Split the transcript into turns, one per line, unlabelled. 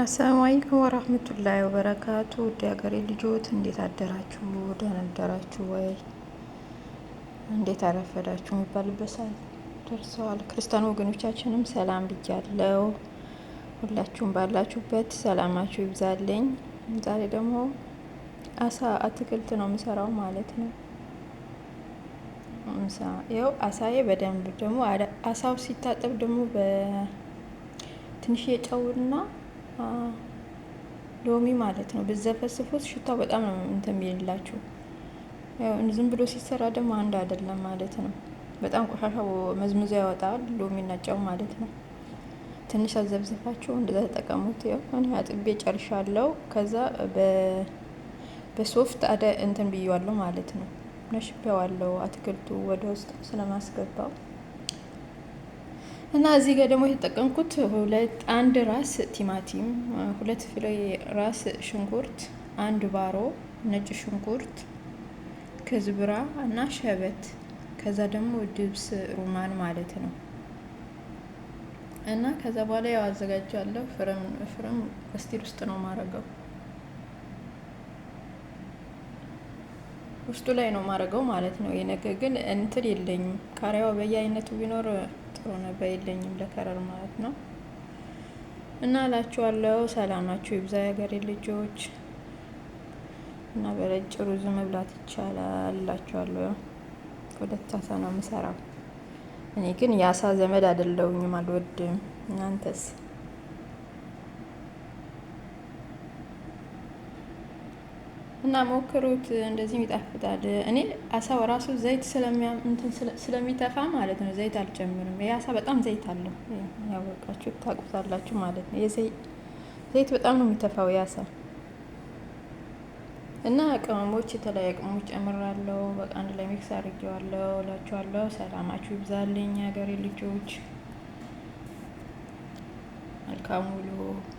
አሰላሙ አለይኩም ወራህመቱላሂ ወበረካቱ። ውድ ሀገሬ ልጆት እንዴት አደራችሁ? ደህና አደራችሁ ወይ? እንዴት አረፈዳችሁ የሚባልበት ሰዓት ደርሰዋል። ክርስቲያን ወገኖቻችንም ሰላም ብያለው። ሁላችሁም ባላችሁበት ሰላማችሁ ይብዛልኝ። ዛሬ ደግሞ አሳ አትክልት ነው የምሰራው ማለት ነው። ያው አሳዬ በደንብ ደግሞ አሳው ሲታጠብ ደግሞ በትንሽ የጨውና ሎሚ ማለት ነው። ብዘፈስፉት ሽታው በጣም ነው እንትን የሚልላችሁ። ዝም ብሎ ሲሰራ ደግሞ አንድ አይደለም ማለት ነው። በጣም ቆሻሻ መዝምዞ ያወጣል ሎሚ ጨው ማለት ነው። ትንሽ አዘብዘፋችሁ እንደዛ ተጠቀሙት። ያው እኔ አጥቤ ጨርሻለሁ። ከዛ በሶፍት አደ እንትን ብዬዋለሁ ማለት ነው። ነሽቤዋለሁ አትክልቱ ወደ ውስጥ ስለማስገባው እና እዚህ ጋር ደግሞ የተጠቀምኩት ሁለት አንድ ራስ ቲማቲም፣ ሁለት ፍሬ ራስ ሽንኩርት፣ አንድ ባሮ ነጭ ሽንኩርት፣ ከዝብራ እና ሸበት ከዛ ደግሞ ድብስ ሩማን ማለት ነው። እና ከዛ በኋላ ያው አዘጋጃለሁ። ፍርም ስቲል ውስጥ ነው ማረገው ውስጡ ላይ ነው ማረገው ማለት ነው። የነገ ግን እንትን የለኝም። ቃሪያው በየአይነቱ ቢኖር ስለሆነ በየለኝም ለከረር ማለት ነው። እና እላችኋለሁ ሰላማችሁ ይብዛ የሀገሬ ልጆች። እና በነጭ ሩዝ መብላት ይቻላል እላችኋለሁ። ሁለት አሳ ነው የምሰራው እኔ ግን የአሳ ዘመድ አይደለሁኝም፣ አልወድም። እናንተስ? እና ሞክሩት፣ እንደዚህም ይጣፍጣል። እኔ አሳው ራሱ ዘይት ስለሚተፋ ማለት ነው ዘይት አልጨምርም። ይህ አሳ በጣም ዘይት አለው፣ ያወቃችሁ ታውቁታላችሁ ማለት ነው። ዘይት በጣም ነው የሚተፋው የአሳ እና ቅመሞች፣ የተለያዩ ቅመሞች ጨምራለሁ። በቃ አንድ ላይ ሚክስ አድርጌዋለሁ እላችኋለሁ። ሰላማችሁ ይብዛልኝ ሀገሬ ልጆች፣ መልካም ውሎ